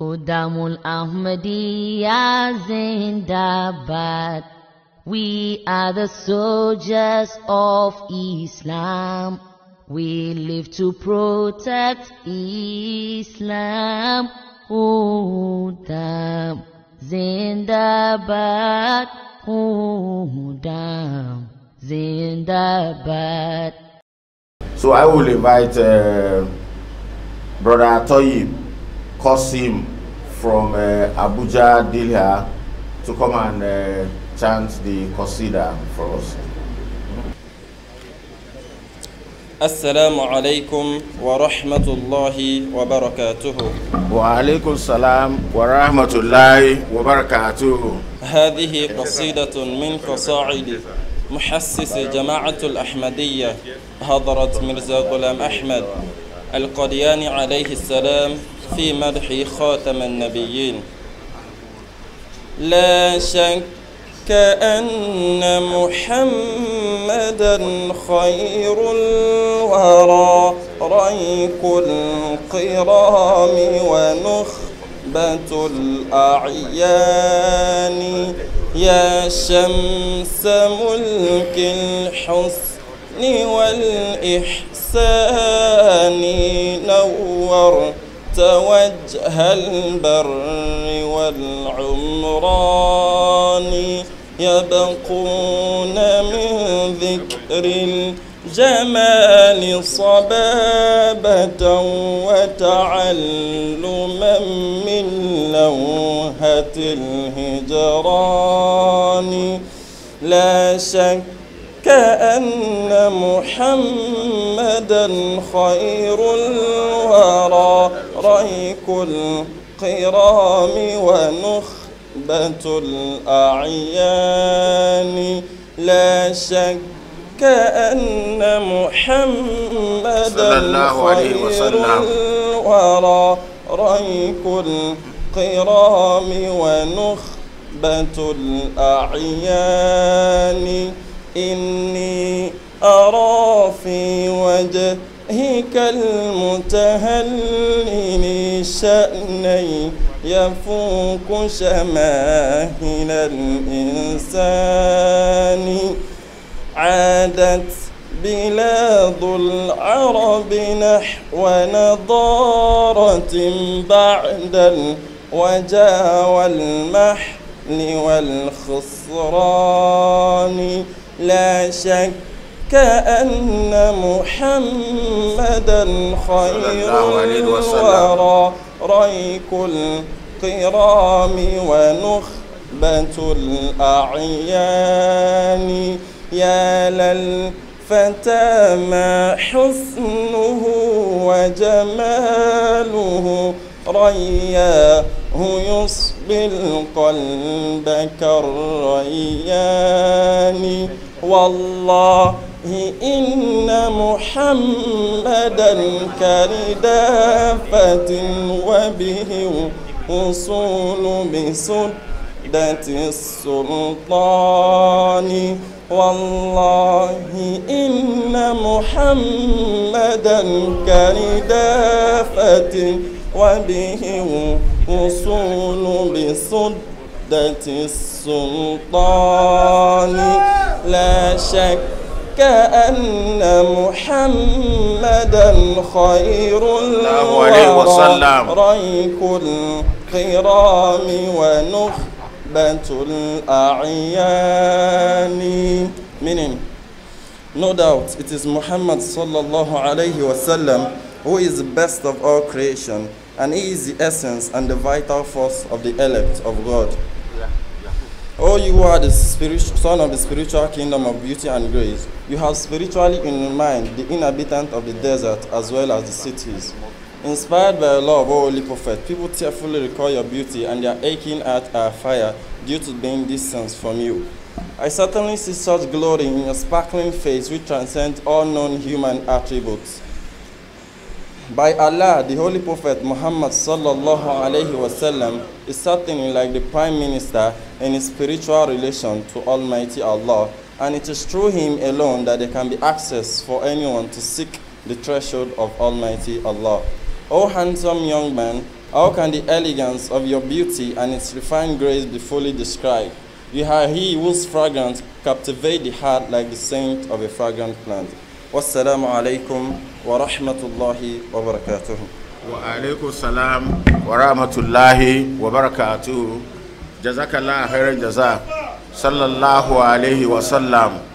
Khudamul Ahmadiyya Zindabad. We are the soldiers of Islam. We live to protect Islam. Khudam Zindabad. Khudam Zindabad. So I will invite uh, Brother Toyib cause him from uh, Abuja Dilha to come and uh, chant the Qasida for us. السلام عليكم ورحمة الله وبركاته وعليكم السلام ورحمة الله وبركاته هذه قصيدة من قصائد محسس جماعة الأحمدية هضرة مرزا غلام أحمد القديان عليه السلام في مدح خاتم النبيين لا شك أن محمدا خير الورى ريك القرام ونخبة الأعيان يا شمس ملك الحسن والإحسان نور وجه البر والعمران يبقون من ذكر الجمال صبابة وتعلما من لوهة الهجران لا شك أن محمدا خير الورى طيك القرام ونخبة الأعيان لا شك أن محمدا خير الورى ريك القرام ونخبة الأعيان إني أرى في وجه المتهلل شأني يفوق شماهل الإنسان عادت بلاد العرب نحو نضارة بعد الوجا والمحن والخسران لا شك كأن محمدا خير الورى ريك القرام ونخبة الأعيان يا للفتى ما حسنه وجماله رياه يصب القلب كالريان والله إن محمدا كردافة وبه أصول بسدة السلطان والله إن محمدا كردافة وبه أصول بسدة السلطان لا شك كأن محمدا خير الورى كل القرام ونخبة الأعيان meaning no doubt it is Muhammad sallallahu alayhi wasallam who is the best of all creation and he is the essence and the vital force of the elect of God Oh, you are the son of the spiritual kingdom of beauty and grace. You have spiritually in your mind the inhabitants of the desert as well as the cities. Inspired by the love of our holy prophet, people tearfully recall your beauty and their aching at our fire due to being distant from you. I certainly see such glory in your sparkling face which transcends all known human attributes. By Allah, the Holy Prophet Muhammad sallallahu alayhi wasallam is certainly like the Prime Minister in his spiritual relation to Almighty Allah and it is through him alone that there can be access for anyone to seek the threshold of Almighty Allah. O handsome young man, how can the elegance of your beauty and its refined grace be fully described? You are he whose fragrance captivate the heart like the scent of a fragrant plant. Wassalamu alaikum wa rahmatullahi wa barakatuh. Wa alaikum salam wa rahmatullahi wa barakatuh. Jazakallah khairan jazak. sallallahu alaihi wasallam